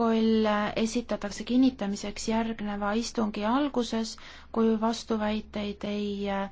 protokoll esitatakse kinnitamiseks järgneva istungi alguses, kui vastuväiteid ei